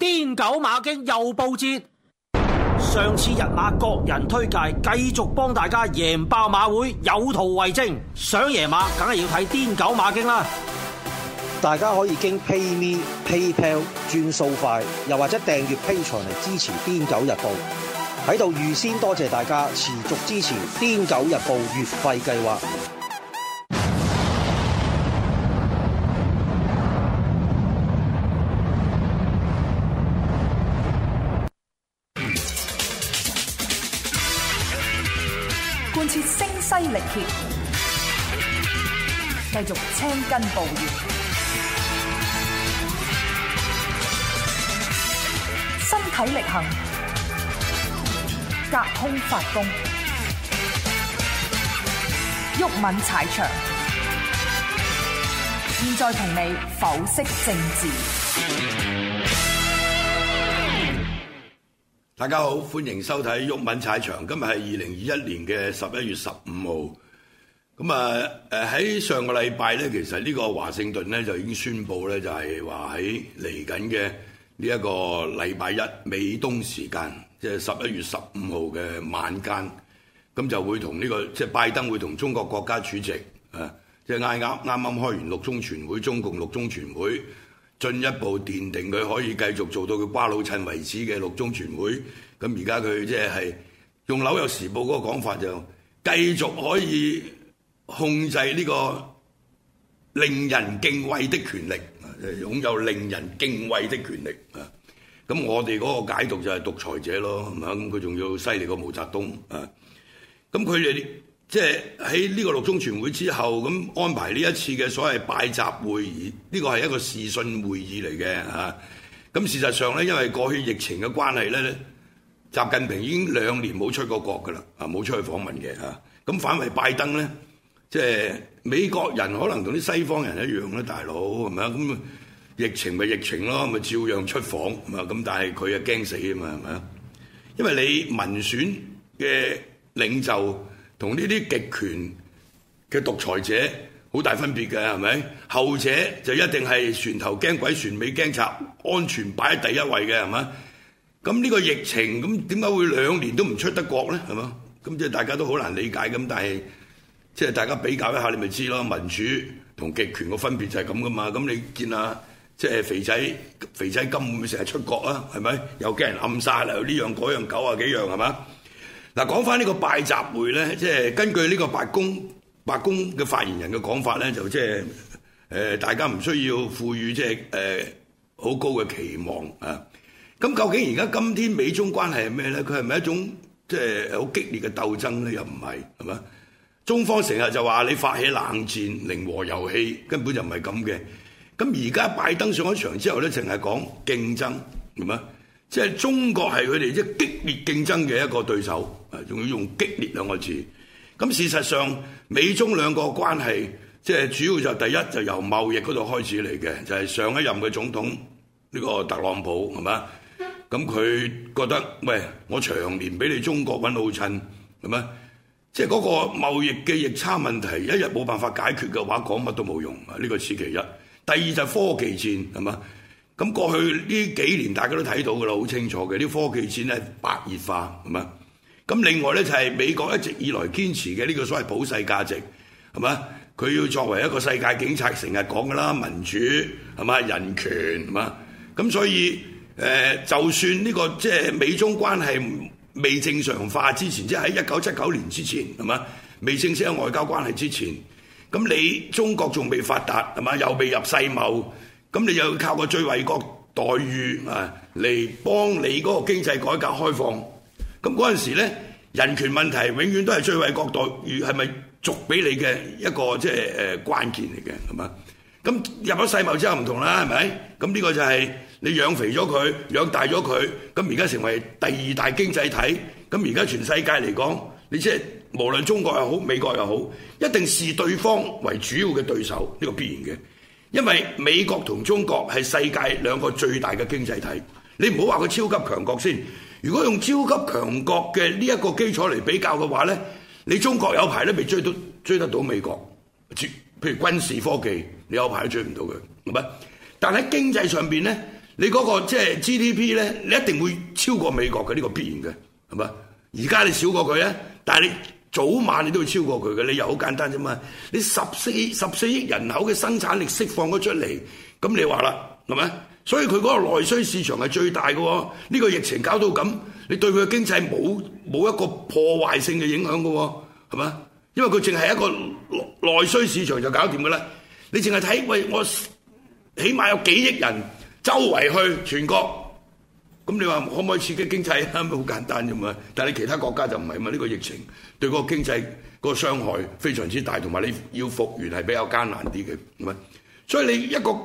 癲狗馬經又報捷，上次日馬各人推介繼續幫大家贏爆馬會，有圖為證。想贏馬，梗係要睇癲狗馬經啦。大家可以經 PayMe、PayPal 轉數快，又或者訂閱 Pay 牆嚟支持癲狗日報。喺度預先多謝大家持續支持癲狗日報月費計劃。切聲嘶力竭，繼續青筋暴現，身體力行，隔空發功，毓民踩場。現在同你剖析政治。大家好，歡迎收睇《毓民踩場》。今日係二零二一年嘅十一月十五號。咁啊，誒喺上個禮拜咧，其實呢個華盛頓咧就已經宣布咧，就係話喺嚟緊嘅呢一個禮拜一，美東時間即係十一月十五號嘅晚間，咁就會同呢、這個即係、就是、拜登會同中國國家主席啊，即係啱啱啱啱開完六中全會，中共六中全會。進一步奠定佢可以繼續做到佢瓜老襯為止嘅六中全會，咁而家佢即係用《紐約時報》嗰個講法，就繼續可以控制呢個令人敬畏的權力，擁有令人敬畏的權力。咁我哋嗰個解讀就係獨裁者咯，咁佢仲要犀利過毛澤東啊！咁佢哋。即係喺呢個六中全會之後，咁安排呢一次嘅所謂拜習會議，呢個係一個視訊會議嚟嘅嚇。咁、啊、事實上咧，因為過去疫情嘅關係咧，習近平已經兩年冇出過國噶啦，啊，冇出去訪問嘅嚇。咁、啊、反為拜登咧，即係美國人可能同啲西方人一樣咧，大佬係咪啊？咁疫情咪疫情咯，咪照樣出訪，咪咁。但係佢，啊驚死啊嘛，係咪啊？因為你民選嘅領袖。同呢啲極權嘅獨裁者好大分別嘅，係咪？後者就一定係船頭驚鬼，船尾驚賊，安全擺喺第一位嘅，係嘛？咁呢個疫情咁點解會兩年都唔出得國咧？係嘛？咁即係大家都好難理解咁，但係即係大家比較一下，你咪知咯，民主同極權個分別就係咁噶嘛？咁你見啊，即係肥仔，肥仔金會唔會成日出國啊？係咪又驚人暗殺啊？呢樣嗰樣九啊幾樣係嘛？嗱，講翻呢個拜習會咧，即係根據呢個白宮白宮嘅發言人嘅講法咧，就即係誒大家唔需要賦予即係誒好高嘅期望啊。咁究竟而家今天美中關係係咩咧？佢係咪一種即係好激烈嘅鬥爭咧？又唔係係嘛？中方成日就話你發起冷戰、零和遊戲，根本就唔係咁嘅。咁而家拜登上咗場之後咧，淨係講競爭，係嘛？即係中國係佢哋即係激烈競爭嘅一個對手。仲要用激烈兩個字，咁事實上美中兩個關係即係主要就第一就由貿易嗰度開始嚟嘅，就係上一任嘅總統呢個特朗普係嘛？咁佢覺得喂，我長年俾你中國揾老襯係嘛？即係嗰個貿易嘅逆差問題，一日冇辦法解決嘅話，講乜都冇用啊！呢個此其一。第二就係科技戰係嘛？咁過去呢幾年大家都睇到嘅啦，好清楚嘅，啲科技戰係白熱化係嘛？咁另外咧就係、是、美國一直以來堅持嘅呢、這個所謂普世價值，係嘛？佢要作為一個世界警察，成日講噶啦民主係嘛？人權係嘛？咁所以誒、呃，就算呢、這個即係、就是、美中關係未正常化之前，即係喺一九七九年之前，係嘛？未正式有外交關係之前，咁你中國仲未發達係嘛？又未入世貿，咁你又要靠個最惠國待遇啊嚟幫你嗰個經濟改革開放？咁嗰陣時呢，人權問題永遠都係最惠國待遇係咪續俾你嘅一個即係誒關鍵嚟嘅係嘛？咁入咗世貿之後唔同啦，係咪？咁呢個就係你養肥咗佢，養大咗佢，咁而家成為第二大經濟體。咁而家全世界嚟講，你即係無論中國又好，美國又好，一定視對方為主要嘅對手，呢個必然嘅。因為美國同中國係世界兩個最大嘅經濟體，你唔好話佢超級強國先。如果用超級強國嘅呢一個基礎嚟比較嘅話咧，你中國有排咧，未追到追得到美國，譬如軍事科技，你有排都追唔到佢，係咪？但喺經濟上邊咧，你嗰個即係 GDP 咧，你一定會超過美國嘅，呢個必然嘅，係咪？而家你少過佢咧，但係你早晚你都會超過佢嘅，你又好簡單啫嘛。你十四十四億人口嘅生產力釋放咗出嚟，咁你話啦，係咪？所以佢嗰個內需市場係最大嘅喎、哦，呢、這個疫情搞到咁，你對佢嘅經濟冇冇一個破壞性嘅影響嘅喎，係咪啊？因為佢淨係一個內需市場就搞掂嘅啦。你淨係睇，喂，我起碼有幾億人周圍去全國，咁你話可唔可以刺激經濟啊？好 簡單啫嘛。但係你其他國家就唔係嘛？呢、這個疫情對個經濟個傷害非常之大，同埋你要復原係比較艱難啲嘅，唔係。所以你一個。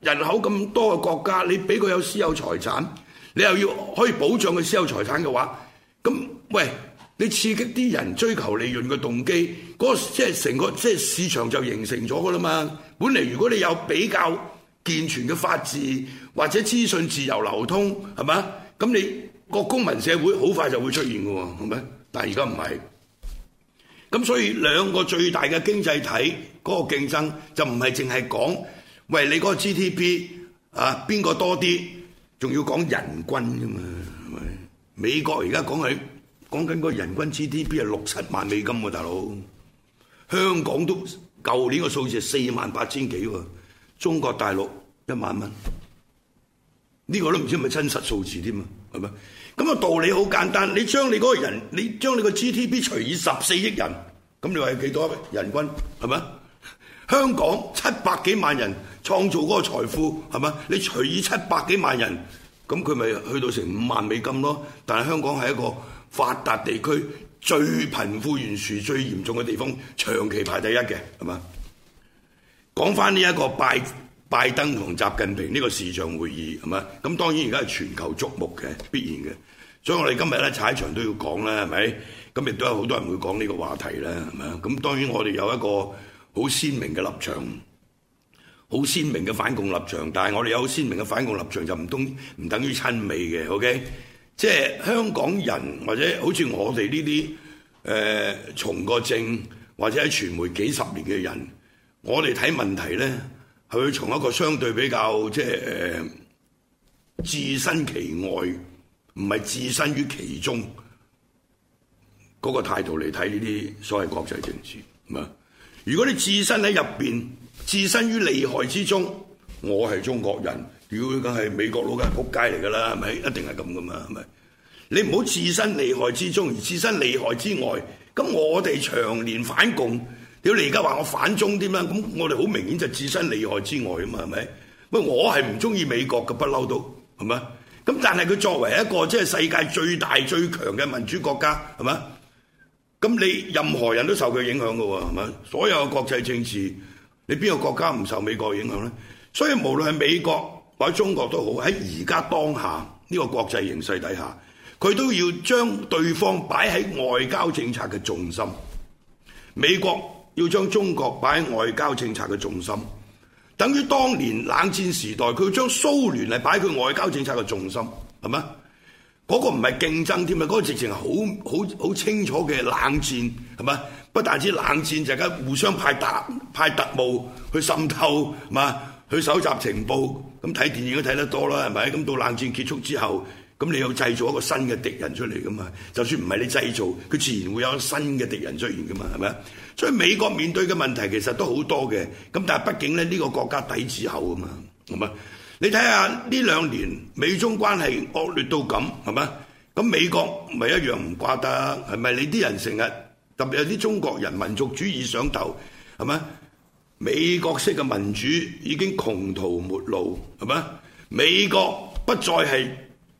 人口咁多嘅國家，你俾佢有私有財產，你又要可以保障佢私有財產嘅話，咁喂，你刺激啲人追求利潤嘅動機，嗰、嗰個、即係成個即係市場就形成咗噶啦嘛。本嚟如果你有比較健全嘅法治或者資訊自由流通，係嘛？咁你個公民社會好快就會出現嘅喎，係咪？但係而家唔係。咁所以兩個最大嘅經濟體嗰、嗰個競爭就唔係淨係講。喂，你嗰個 GDP 啊，邊個多啲？仲要講人均啫嘛，係咪？美國而家講佢講緊個人均 GDP 係六七萬美金喎，大佬。香港都舊年個數字係四萬八千幾喎，中國大陸一萬蚊。呢個都唔知係咪真實數字添嘛，係咪？咁個道理好簡單，你將你嗰個人，你將你個 GDP 除以十四億人，咁你話有幾多人均？係咪？香港七百幾萬人創造嗰個財富係嘛？你除以七百幾萬人，咁佢咪去到成五萬美金咯？但係香港係一個發達地區最貧富懸殊最嚴重嘅地方，長期排第一嘅係嘛？講翻呢一個拜拜登同習近平呢個視訊會議係嘛？咁當然而家係全球矚目嘅必然嘅，所以我哋今日咧踩場都要講啦，係咪？咁亦都有好多人會講呢個話題啦，係嘛？咁當然我哋有一個。好鮮明嘅立場，好鮮明嘅反共立場。但係我哋有鮮明嘅反共立場，就唔通唔等於親美嘅，OK？即係香港人或者好似我哋呢啲誒從個政或者喺傳媒幾十年嘅人，我哋睇問題咧係會從一個相對比較即係誒置身其外，唔係置身於其中嗰個態度嚟睇呢啲所謂國際政治，啊～如果你置身喺入邊，置身於利害之中，我係中國人，屌梗係美國佬梗係撲街嚟㗎啦，係咪？一定係咁噶嘛，係咪？你唔好置身利害之中，而置身利害之外。咁我哋長年反共，屌你而家話我反中點啊？咁我哋好明顯就置身利害之外啊嘛，係咪？唔係我係唔中意美國嘅，都是不嬲都，係咪？咁但係佢作為一個即係、就是、世界最大最強嘅民主國家，係咪？咁你任何人都受佢影響嘅喎，係咪？所有國際政治，你邊個國家唔受美國影響咧？所以無論係美國或者中國都好，喺而家當下呢個國際形勢底下，佢都要將對方擺喺外交政策嘅重心。美國要將中國擺喺外交政策嘅重心，等於當年冷戰時代佢要將蘇聯嚟擺佢外交政策嘅重心，係咪？嗰個唔係競爭添啊！嗰個直情係好好好清楚嘅冷戰，係咪？不但止冷戰，大家互相派特派特務去滲透嘛，去搜集情報。咁睇電影都睇得多啦，係咪？咁到冷戰結束之後，咁你又製造一個新嘅敵人出嚟噶嘛？就算唔係你製造，佢自然會有新嘅敵人出現噶嘛，係咪？所以美國面對嘅問題其實都好多嘅，咁但係畢竟咧，呢個國家底子厚啊嘛，係咪？你睇下呢兩年美中關係惡劣到咁，係咪？咁美國咪一樣唔掛得？係咪？你啲人成日特別有啲中國人民族主義上頭，係咪？美國式嘅民主已經窮途末路，係咪？美國不再係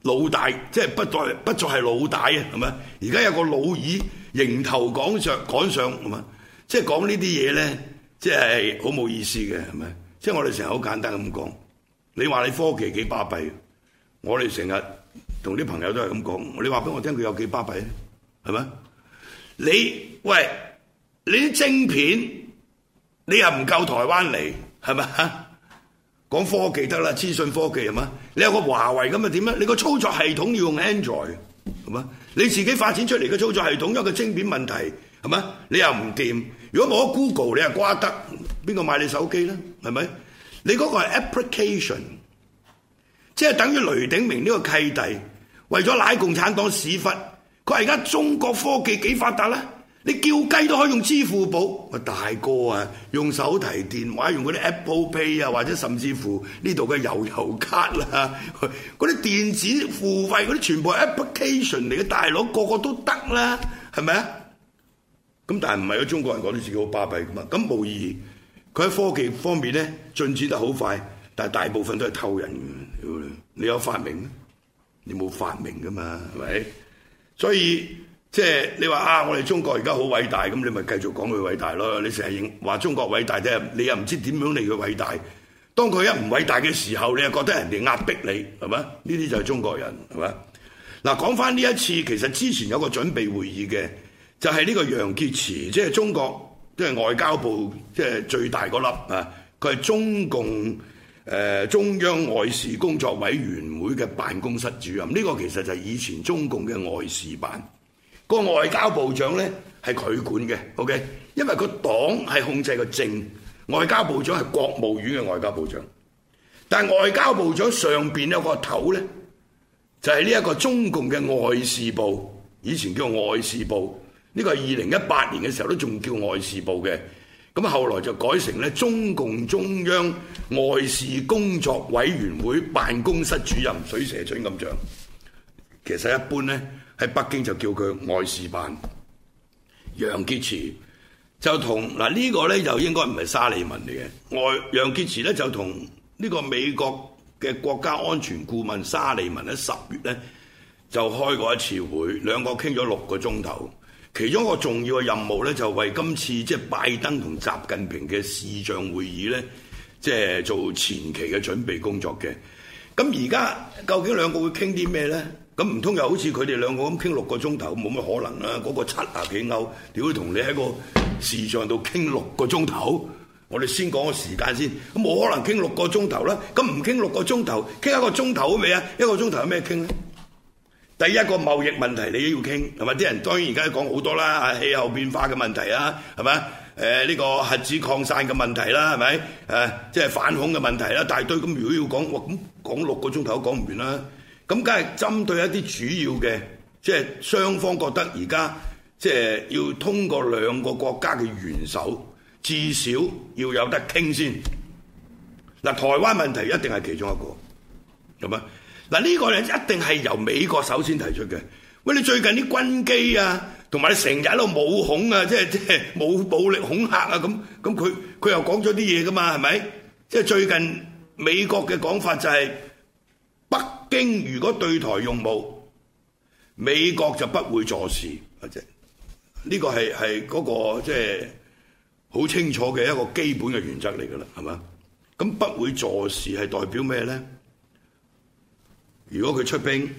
老大，即係不再不再係老大啊，係咪？而家有個老二迎頭趕上趕上，係咪？即係講呢啲嘢咧，即係好冇意思嘅，係咪？即係我哋成日好簡單咁講。你話你科技幾巴閉？我哋成日同啲朋友都係咁講。你話俾我聽，佢有幾巴閉咧？係咪？你喂，你啲晶片你又唔夠台灣嚟，係咪？講科技得啦，資訊科技係嘛？你有個華為咁咪點咧？你個操作系統要用 Android 係嘛？你自己發展出嚟嘅操作系統，因為個晶片問題係嘛？你又唔掂。如果冇咗 Google，你又瓜得？邊個買你手機咧？係咪？你嗰個係 application，即係等於雷鼎明呢個契弟，為咗乃共產黨屎忽，佢話而家中國科技幾發達呢？你叫雞都可以用支付寶，我大哥啊，用手提電話用嗰啲 Apple Pay 啊，或者甚至乎呢度嘅油油卡啦，嗰 啲電子付費嗰啲全部係 application 嚟嘅，大佬個個都得啦，係咪啊？咁但係唔係有中國人講到自己好巴閉噶嘛？咁無疑。佢喺科技方面咧進展得好快，但係大部分都係偷人嘅。你，有發明咩？你冇發明噶嘛？係咪？所以即係你話啊，我哋中國而家好偉大，咁你咪繼續講佢偉大咯。你成日話中國偉大啫，你又唔知點樣嚟佢偉大。當佢一唔偉大嘅時候，你又覺得人哋壓迫你係咪？呢啲就係中國人係咪？嗱、啊，講翻呢一次，其實之前有個準備會議嘅，就係、是、呢個楊潔篪，即、就、係、是、中國。即係外交部，即係最大嗰粒啊！佢係中共誒、呃、中央外事工作委員會嘅辦公室主任，呢、呢個其實就係以前中共嘅外事辦。個外交部長咧係佢管嘅，OK？因為個黨係控制個政，外交部長係國務院嘅外交部長。但係外交部長上邊有個頭咧，就係呢一個中共嘅外事部，以前叫外事部。呢個係二零一八年嘅時候都仲叫外事部嘅，咁後來就改成咧中共中央外事工作委員會辦公室主任，水蛇春咁長。其實一般呢，喺北京就叫佢外事辦。楊潔篪就同，嗱呢個呢，就應該唔係沙利文嚟嘅，外，楊潔篪呢，就同呢個美國嘅國家安全顧問沙利文喺十月呢，就開過一次會，兩個傾咗六個鐘頭。其中一個重要嘅任務咧，就係為今次即係拜登同習近平嘅視像會議咧，即係做前期嘅準備工作嘅。咁而家究竟兩個會傾啲咩咧？咁唔通又好似佢哋兩個咁傾六個鐘頭，冇乜可能啦、啊。嗰、嗰個七啊幾歐，屌會同你喺個視像度傾六個鐘頭，我哋先講個時間先，冇可能傾六個鐘頭啦。咁唔傾六個鐘頭，傾一個鐘頭好未啊？一個鐘頭有咩傾咧？第一個貿易問題你都要傾，係咪？啲人當然而家講好多啦、啊，氣候變化嘅問題啦，係咪？誒、啊、呢、這個核子擴散嘅問題啦，係咪？誒、啊、即係反恐嘅問題啦，大堆。咁如果要講，哇咁、嗯、講六個鐘頭都講唔完啦。咁梗係針對一啲主要嘅，即係雙方覺得而家即係要通過兩個國家嘅元首，至少要有得傾先。嗱、啊，台灣問題一定係其中一個，係咪？嗱呢個咧一定係由美國首先提出嘅。喂，你最近啲軍機啊，同埋你成日喺度武恐啊，即係即係武暴力恐嚇啊，咁咁佢佢又講咗啲嘢噶嘛，係咪？即係最近美國嘅講法就係北京如果對台用武，美國就不會坐視，或者呢個係係嗰個即係好清楚嘅一個基本嘅原則嚟㗎啦，係嘛？咁不會坐視係代表咩咧？如果佢出兵，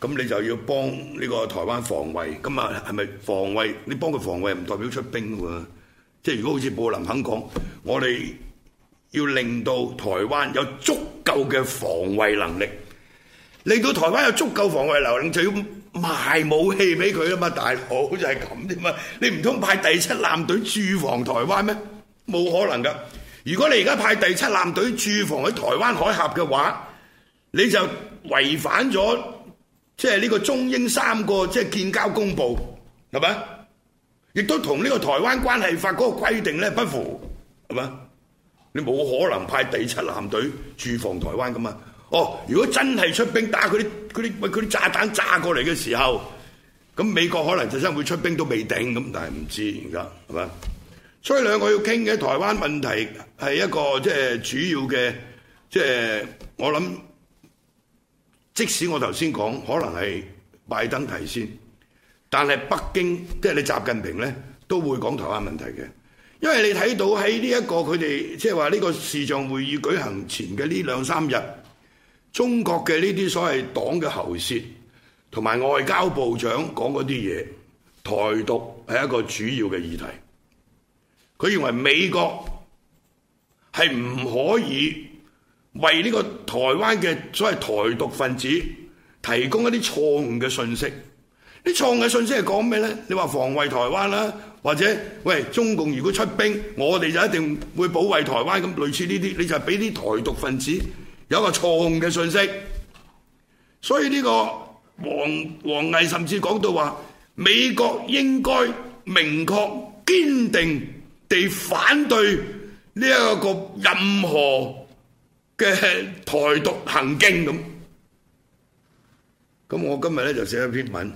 咁你就要幫呢個台灣防衞。咁啊，係咪防衞？你幫佢防衞唔代表出兵喎。即係如果好似布林肯講，我哋要令到台灣有足夠嘅防衞能力，令到台灣有足夠防衞能力，就要賣武器俾佢啊嘛。大佬就係咁啫嘛。你唔通派第七艦隊駐防台灣咩？冇可能噶。如果你而家派第七艦隊駐防喺台灣海峽嘅話，你就違反咗即係呢個中英三個即係、就是、建交公佈係咪？亦都同呢個台灣關係法嗰個規定咧不符係咪？你冇可能派第七艦隊駐防台灣㗎嘛？哦，如果真係出兵打，打佢啲啲喂佢啲炸彈炸過嚟嘅時候，咁美國可能就真會出兵都未定咁，但係唔知而家係咪？所以兩個要傾嘅台灣問題係一個即係、就是、主要嘅，即、就、係、是、我諗。即使我頭先講可能係拜登提先，但係北京即係你習近平呢都會講台灣問題嘅，因為你睇到喺呢一個佢哋即係話呢個視像會議舉行前嘅呢兩三日，中國嘅呢啲所謂黨嘅喉舌同埋外交部長講嗰啲嘢，台獨係一個主要嘅議題。佢認為美國係唔可以。為呢個台灣嘅所謂台獨分子提供一啲錯誤嘅信息，啲錯誤嘅信息係講咩呢？你話防衞台灣啦，或者喂，中共如果出兵，我哋就一定會保衞台灣，咁類似呢啲，你就係俾啲台獨分子有一個錯誤嘅信息。所以呢個王王毅甚至講到話，美國應該明確堅定地反對呢一個任何。嘅台獨行徑咁，咁我今日咧就寫咗篇文，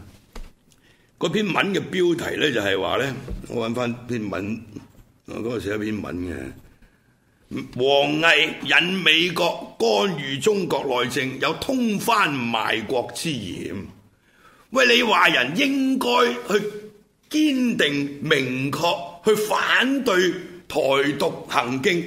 嗰篇文嘅標題咧就係話咧，我揾翻篇文，我嗰度寫咗篇文嘅，王毅引美國干預中國內政有通番賣國之嫌。喂，你話人應該去堅定明確去反對台獨行徑？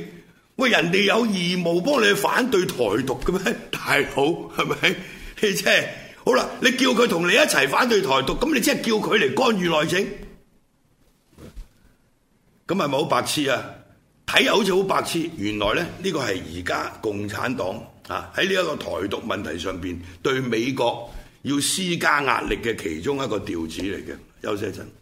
喂，人哋有義務幫你反對台獨嘅咩？大佬係咪？即係 好啦，你叫佢同你一齊反對台獨，咁你即係叫佢嚟干預內政，咁係 咪好白痴啊！睇又好似好白痴，原來呢，呢個係而家共產黨啊喺呢一個台獨問題上邊對美國要施加壓力嘅其中一個調子嚟嘅。休息一陣。